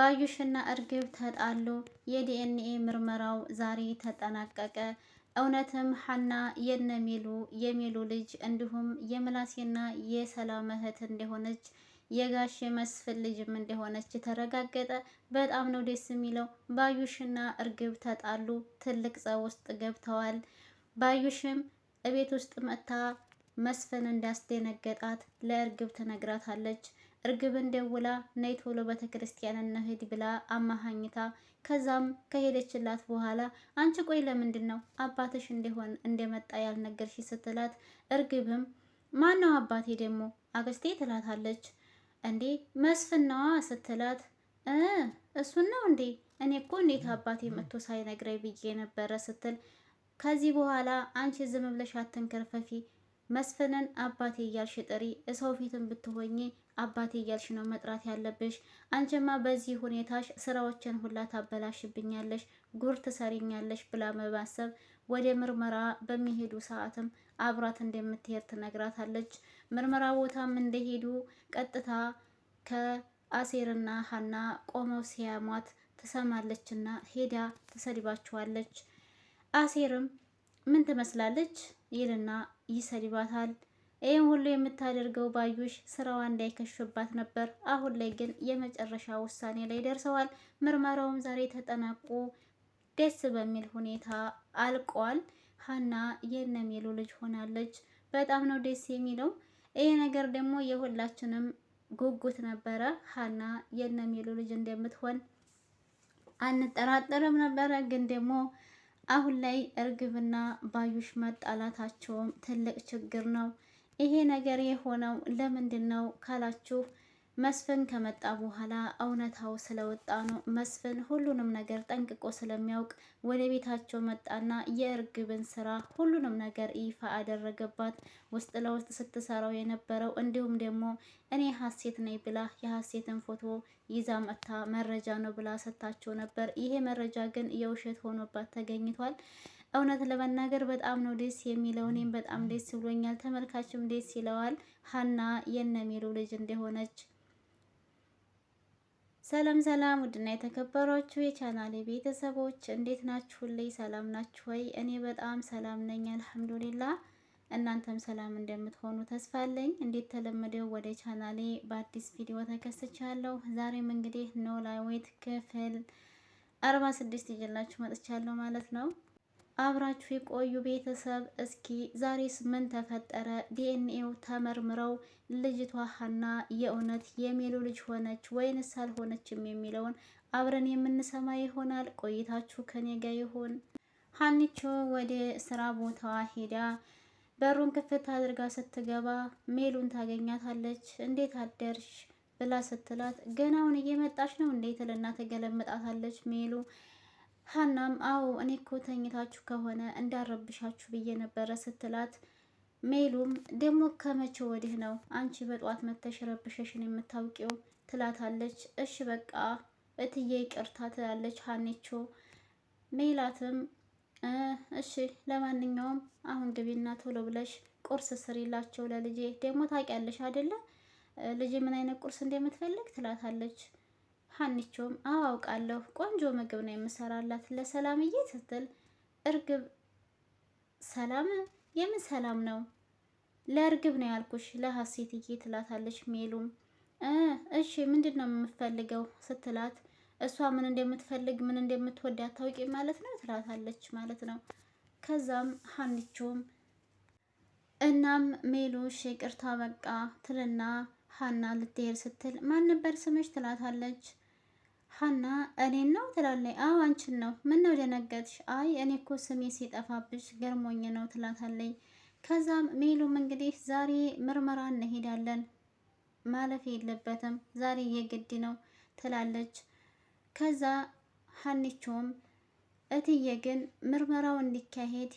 ባዩሽና እርግብ ተጣሉ። የዲኤንኤ ምርመራው ዛሬ ተጠናቀቀ። እውነትም ሀና የነሚሉ የሚሉ ልጅ እንዲሁም የምላሴና የሰላም እህት እንደሆነች የጋሽ መስፍን ልጅም እንደሆነች ተረጋገጠ። በጣም ነው ደስ የሚለው። ባዩሽና እርግብ ተጣሉ። ትልቅ ጸብ ውስጥ ገብተዋል። ባዩሽም እቤት ውስጥ መጥታ መስፍን እንዳስደነገጣት ለእርግብ ትነግራታለች። እርግብን ደውላ ነይ ቶሎ ቤተክርስቲያን እንሂድ ብላ አማሃኝታ ከዛም ከሄደችላት በኋላ አንቺ ቆይ ለምንድን ነው አባትሽ እንደሆን እንደመጣ ያልነገርሽ ስትላት እርግብም ማነው አባቴ ደግሞ አገስቴ ትላታለች። እንዴ መስፍናዋ ስትላት እ እሱን ነው እንዴ እኔ እኮ እንዴት አባቴ መጥቶ ሳይነግረኝ ብዬ ነበረ ስትል ከዚህ በኋላ አንቺ ዝም ብለሽ አትንከርፈፊ መስፍንን አባቴ እያልሽ ጥሪ፣ እሰው ፊትም ብትሆኚ አባቴ እያልሽ ነው መጥራት ያለብሽ። አንቺማ በዚህ ሁኔታሽ ስራዎችን ሁላ ታበላሽብኛለሽ፣ ጉር ትሰሪኛለሽ ብላ በማሰብ ወደ ምርመራ በሚሄዱ ሰዓትም አብራት እንደምትሄድ ትነግራታለች። ምርመራ ቦታም እንደሄዱ ቀጥታ ከአሴርና ሀና ቆመው ሲያሟት ትሰማለችና ሄዳ ትሰድባችኋለች። አሴርም ምን ትመስላለች ይልና ይሰድባታል። ይህም ሁሉ የምታደርገው ባዩሽ ስራዋ እንዳይከሽባት ነበር። አሁን ላይ ግን የመጨረሻ ውሳኔ ላይ ደርሰዋል። ምርመራውም ዛሬ ተጠናቆ ደስ በሚል ሁኔታ አልቋል። ሀና የነሚሉ ልጅ ሆናለች። በጣም ነው ደስ የሚለው። ይህ ነገር ደግሞ የሁላችንም ጉጉት ነበረ። ሀና የነሚሉ ልጅ እንደምትሆን አንጠራጠርም ነበረ ግን ደግሞ አሁን ላይ እርግብና ባዩሽ መጣላታቸውም ትልቅ ችግር ነው። ይሄ ነገር የሆነው ለምንድን ነው ካላችሁ መስፍን ከመጣ በኋላ እውነታው ስለወጣ ነው። መስፍን ሁሉንም ነገር ጠንቅቆ ስለሚያውቅ ወደ ቤታቸው መጣና የእርግብን ስራ ሁሉንም ነገር ይፋ አደረገባት። ውስጥ ለውስጥ ስትሰራው የነበረው እንዲሁም ደግሞ እኔ ሀሴት ነኝ ብላ የሀሴትን ፎቶ ይዛ መታ መረጃ ነው ብላ ሰታቸው ነበር። ይሄ መረጃ ግን የውሸት ሆኖባት ተገኝቷል። እውነት ለመናገር በጣም ነው ደስ የሚለው። እኔም በጣም ደስ ብሎኛል፣ ተመልካችም ደስ ይለዋል። ሀና የነሚሉ ልጅ እንደሆነች ሰላም ሰላም፣ ውድና የተከበሯችሁ የቻናሌ ቤተሰቦች እንዴት ናችሁልኝ? ሰላም ናችሁ ወይ? እኔ በጣም ሰላም ነኝ አልሐምዱሊላ። እናንተም ሰላም እንደምትሆኑ ተስፋ አለኝ። እንዴት ተለመደው ወደ ቻናሌ በአዲስ ቪዲዮ ተከስቻለሁ። ዛሬም እንግዲህ ኖላዊት ክፍል አርባ ስድስት ይዤላችሁ መጥቻለሁ ማለት ነው። አብራችሁ የቆዩ ቤተሰብ። እስኪ ዛሬስ ምን ተፈጠረ? ዲኤንኤው ተመርምረው ልጅቷ ሀና የእውነት የሚሉ ልጅ ሆነች ወይንስ አልሆነችም የሚለውን አብረን የምንሰማ ይሆናል። ቆይታችሁ ከኔ ጋር ይሁን። ሀኒቾ ወደ ስራ ቦታዋ ሄዳ በሩን ክፍት አድርጋ ስትገባ ሜሉን ታገኛታለች። እንዴት አደርሽ ብላ ስትላት ገናውን እየመጣች ነው እንዴት ልና ተገለምጣታለች ሜሉ ሀናም አዎ እኔ እኮ ተኝታችሁ ከሆነ እንዳረብሻችሁ ብዬ ነበረ ስትላት፣ ሜሉም ደግሞ ከመቼ ወዲህ ነው አንቺ በጠዋት መተሽ ረብሸሽን የምታውቂው ትላታለች። እሺ በቃ እትዬ ይቅርታ ትላለች ሀኔቾ። ሜላትም እሺ ለማንኛውም አሁን ግቢና ቶሎ ብለሽ ቁርስ ስሪላቸው ለልጄ። ደግሞ ታውቂያለሽ አይደለ ልጄ ምን አይነት ቁርስ እንደምትፈልግ ትላታለች። ሀንቾም አዋውቃለሁ ቆንጆ ምግብ ነው የምሰራላት ለሰላምዬ ስትል እርግብ ሰላም የምን ሰላም ነው? ለእርግብ ነው ያልኩሽ ለሀሴትዬ ትላታለች። ሜሉም እሺ ምንድን ነው የምትፈልገው ስትላት እሷ ምን እንደምትፈልግ ምን እንደምትወድ አታውቂ ማለት ነው ትላታለች ማለት ነው። ከዛም ሀንቾም እናም ሜሉ እሺ ይቅርታ በቃ ትልና ሀና ልትሄድ ስትል ማን ነበር ስምሽ ትላታለች። ሀና እኔን ነው ትላለች። አዎ አንቺን ነው። ምን ነው ደነገጥሽ? አይ እኔ እኮ ስሜ ሲጠፋብሽ ገርሞኝ ነው ትላታለች። ከዛም ሜሉም እንግዲህ ዛሬ ምርመራ እንሄዳለን ማለፍ የለበትም ዛሬ የግድ ነው ትላለች። ከዛ ሀኒቾም እትዬ ግን ምርመራው እንዲካሄድ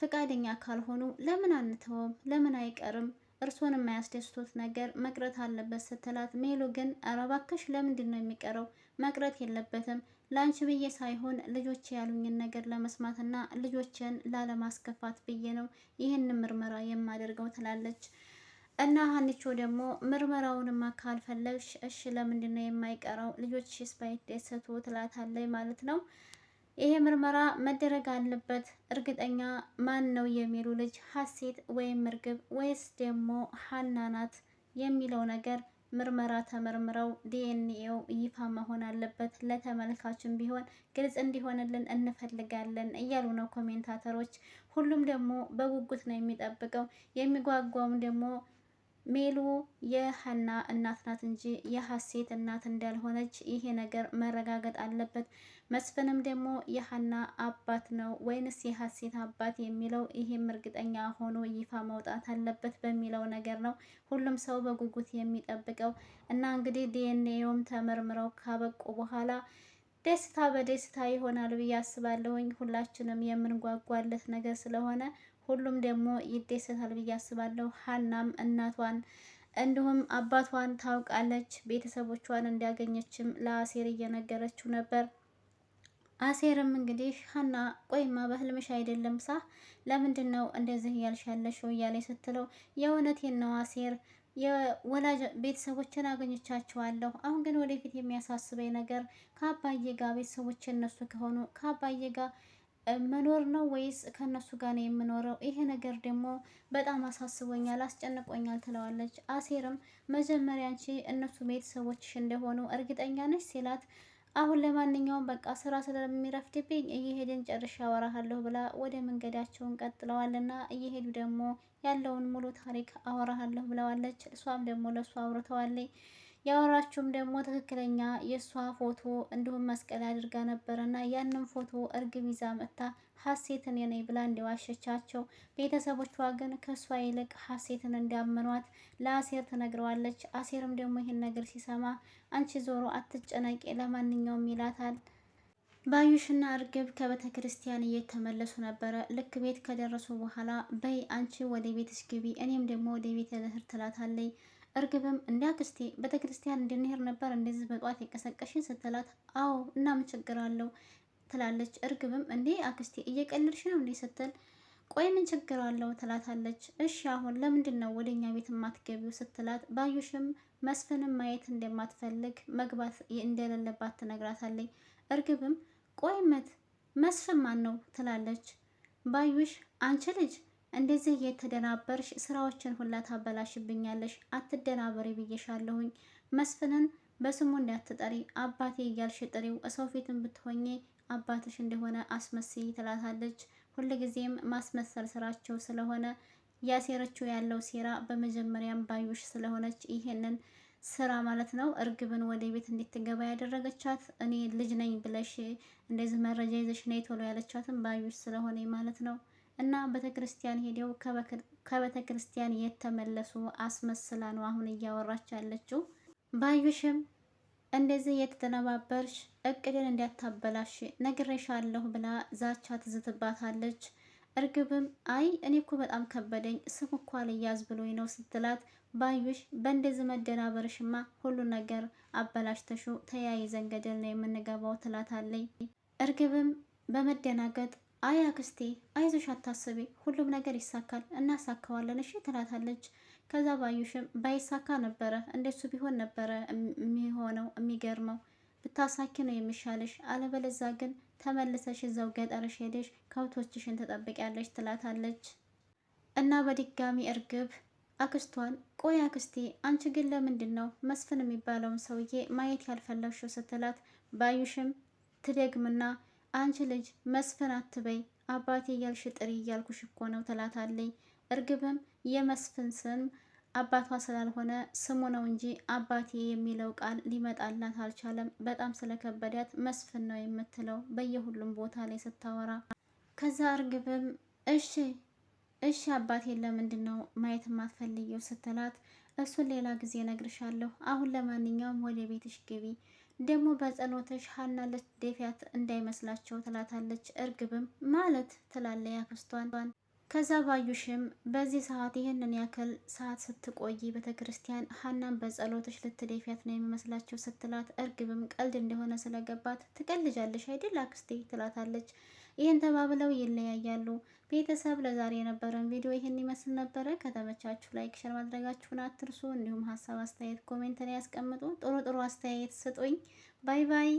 ፈቃደኛ ካልሆኑ ለምን አንተውም? ለምን አይቀርም? እርሶን የማያስደስቱት ነገር መቅረት አለበት ስትላት፣ ሜሉ ግን ኧረ እባክሽ ለምንድን ነው የሚቀረው? መቅረት የለበትም ለአንቺ ብዬ ሳይሆን ልጆቼ ያሉኝን ነገር ለመስማትና ልጆችን ላለማስከፋት ብዬ ነው ይህን ምርመራ የማደርገው ትላለች። እና ሀንቾ ደግሞ ምርመራውንማ ካልፈለግሽ እሽ ለምንድን ነው የማይቀረው? ልጆችሽስ ባይደሰቱ ትላታለች ማለት ነው። ይሄ ምርመራ መደረግ አለበት። እርግጠኛ ማን ነው የሚሉ ልጅ ሀሴት ወይም እርግብ ወይስ ደግሞ ሀና ናት የሚለው ነገር ምርመራ ተመርምረው ዲኤንኤው ይፋ መሆን አለበት። ለተመልካችም ቢሆን ግልጽ እንዲሆንልን እንፈልጋለን እያሉ ነው ኮሜንታተሮች። ሁሉም ደግሞ በጉጉት ነው የሚጠብቀው። የሚጓጓውም ደግሞ ሜሉ የሀና እናት ናት እንጂ የሀሴት እናት እንዳልሆነች ይሄ ነገር መረጋገጥ አለበት። መስፍንም ደግሞ የሀና አባት ነው ወይንስ የሀሴት አባት የሚለው ይሄም እርግጠኛ ሆኖ ይፋ መውጣት አለበት በሚለው ነገር ነው ሁሉም ሰው በጉጉት የሚጠብቀው እና እንግዲህ ዲኤንኤውም ተመርምረው ካበቁ በኋላ ደስታ በደስታ ይሆናል ብዬ አስባለሁኝ። ሁላችንም የምንጓጓለት ነገር ስለሆነ ሁሉም ደግሞ ይደሰታል ብዬ አስባለሁ። ሀናም እናቷን እንዲሁም አባቷን ታውቃለች። ቤተሰቦቿን እንዲያገኘችም ለአሴር እየነገረችው ነበር። አሴርም እንግዲህ ሀና ቆይማ በህልምሽ አይደለም ሳ ለምንድን ነው እንደዚህ እያልሻለሽው እያለ ስትለው የእውነቴን ነው አሴር የወላጅ ቤተሰቦችን አገኘቻቸዋለሁ። አሁን ግን ወደፊት የሚያሳስበኝ ነገር ከአባዬ ጋር ቤተሰቦች እነሱ ከሆኑ ከአባዬ ጋር መኖር ነው ወይስ ከእነሱ ጋር ነው የምኖረው? ይሄ ነገር ደግሞ በጣም አሳስቦኛል፣ አስጨንቆኛል ትለዋለች። አሴርም መጀመሪያ አንቺ እነሱ ቤተሰቦችሽ እንደሆኑ እርግጠኛ ነሽ ሲላት አሁን ለማንኛውም በቃ ስራ ስለሚረፍድብኝ እየሄድን ጨርሼ አወራሃለሁ ብላ ወደ መንገዳቸውን ቀጥለዋልና እየሄዱ ደግሞ ያለውን ሙሉ ታሪክ አወራሃለሁ ብለዋለች። እሷም ደግሞ ለእሱ አውርተዋለኝ። ያወራችሁም ደግሞ ትክክለኛ የእሷ ፎቶ እንዲሁም መስቀል አድርጋ እና ያንን ፎቶ እርግብ ይዛ መታ ሀሴትን የኔ ብላ እንዲዋሸቻቸው ቤተሰቦቿ ግን ከእሷ ይልቅ ሀሴትን እንዲያምኗት ለአሴር ትነግረዋለች። አሴርም ደግሞ ይህን ነገር ሲሰማ አንቺ ዞሮ አትጨነቂ ለማንኛውም ይላታል። ባዩሽና እርግብ ከቤተ ክርስቲያን እየተመለሱ ነበረ። ልክ ቤት ከደረሱ በኋላ በይ አንቺ ወደ ቤትሽ ግቢ፣ እኔም ደግሞ ወደ ቤት ልሂድ ትላታለች። እርግብም እንደ አክስቴ ቤተ ክርስቲያን እንድንሄድ ነበር እንደዚህ በጠዋት የቀሰቀሽን ስትላት፣ አዎ እና ምን ችግር አለው ትላለች። እርግብም እንዴ አክስቴ እየቀለድሽ ነው እንዴ ስትል፣ ቆይ ምን ችግር አለው ትላታለች። እሺ አሁን ለምንድን ነው ወደ እኛ ቤት የማትገቢው ስትላት፣ ባዩሽም መስፍንም ማየት እንደማትፈልግ መግባት እንደሌለባት ትነግራታለች። እርግብም ቆይ መት መስፍን ማን ነው ትላለች። ባዩሽ አንቺ ልጅ እንደዚህ እየተደናበርሽ ስራዎችን ሁላ ታበላሽብኛለሽ፣ አትደናበሪ ብዬሻለሁኝ። መስፍንን በስሙ እንዳትጠሪ አባቴ እያልሽ ጥሪው፣ እሰው ፊትን ብትሆኚ አባትሽ እንደሆነ አስመስይ ትላታለች። ሁልጊዜም ማስመሰል ስራቸው ስለሆነ ያሴረችው ያለው ሴራ በመጀመሪያም ባዩሽ ስለሆነች ይሄንን ስራ ማለት ነው። እርግብን ወደ ቤት እንድትገባ ያደረገቻት እኔ ልጅ ነኝ ብለሽ እንደዚህ መረጃ ይዘሽ ነይ ቶሎ ያለቻትም ባዩሽ ስለሆነ ማለት ነው። እና ቤተክርስቲያን ሄደው ከቤተክርስቲያን የተመለሱ አስመስላ ነው አሁን እያወራች ያለችው። ባዩሽም እንደዚህ የተተነባበርሽ እቅድን እንዳታበላሽ ነግሬሻለሁ ብላ ዛቻ ትዝትባታለች። እርግብም አይ እኔ እኮ በጣም ከበደኝ ስም እኮ አልያዝ ብሎኝ ነው ስትላት፣ ባዩሽ በእንደዚህ መደናበርሽማ ሁሉ ነገር አበላሽተሹ ተያይዘን ገደል ነው የምንገባው ትላታለኝ። እርግብም በመደናገጥ አያ አክስቴ አይዞሽ አታስቢ፣ ሁሉም ነገር ይሳካል፣ እናሳካዋለን እሺ ትላታለች። ከዛ ባዩሽም ባይሳካ ነበረ እንደሱ ቢሆን ነበረ የሚሆነው የሚገርመው፣ ብታሳኪ ነው የሚሻለሽ፣ አለበለዛ ግን ተመልሰሽ እዛው ገጠርሽ ሄደሽ ከብቶችሽን ትጠብቂያለሽ ትላታለች። እና በድጋሚ እርግብ አክስቷን ቆይ አክስቴ፣ አንቺ ግን ለምንድን ነው መስፍን የሚባለውን ሰውዬ ማየት ያልፈለግሽው ስትላት ባዩሽም ትደግምና አንቺ ልጅ መስፍን አትበይ አባቴ እያልሽ ጥሪ እያልኩሽ እኮ ነው ትላታለኝ እርግብም የመስፍን ስም አባቷ ስላልሆነ ስሙ ነው እንጂ አባቴ የሚለው ቃል ሊመጣላት አልቻለም። በጣም ስለከበዳት መስፍን ነው የምትለው በየሁሉም ቦታ ላይ ስታወራ። ከዛ እርግብም እሺ እሺ አባቴን ለምንድን ነው ማየት የማትፈልጊው ስትላት፣ እሱን ሌላ ጊዜ ነግርሻለሁ። አሁን ለማንኛውም ወደ ቤትሽ ግቢ ደግሞ በጸሎትሽ ሀና ልትደፊያት እንዳይመስላቸው ትላታለች። እርግብም ማለት ትላለ ያክስቷን። ከዛ ባዩሽም በዚህ ሰዓት ይህንን ያክል ሰዓት ስትቆይ ቤተ ክርስቲያን ሀናን በጸሎትሽ ልትደፊያት ነው የሚመስላቸው ስትላት፣ እርግብም ቀልድ እንደሆነ ስለገባት ትቀልጃለሽ አይደል አክስቴ ትላታለች። ይህን ተባብለው ይለያያሉ። ቤተሰብ ለዛሬ የነበረን ቪዲዮ ይህን ይመስል ነበረ። ከተመቻችሁ ላይክ፣ ሸር ማድረጋችሁን አትርሱ። እንዲሁም ሀሳብ አስተያየት ኮሜንት ላይ ያስቀምጡ። ጥሩ ጥሩ አስተያየት ስጡኝ። ባይ ባይ።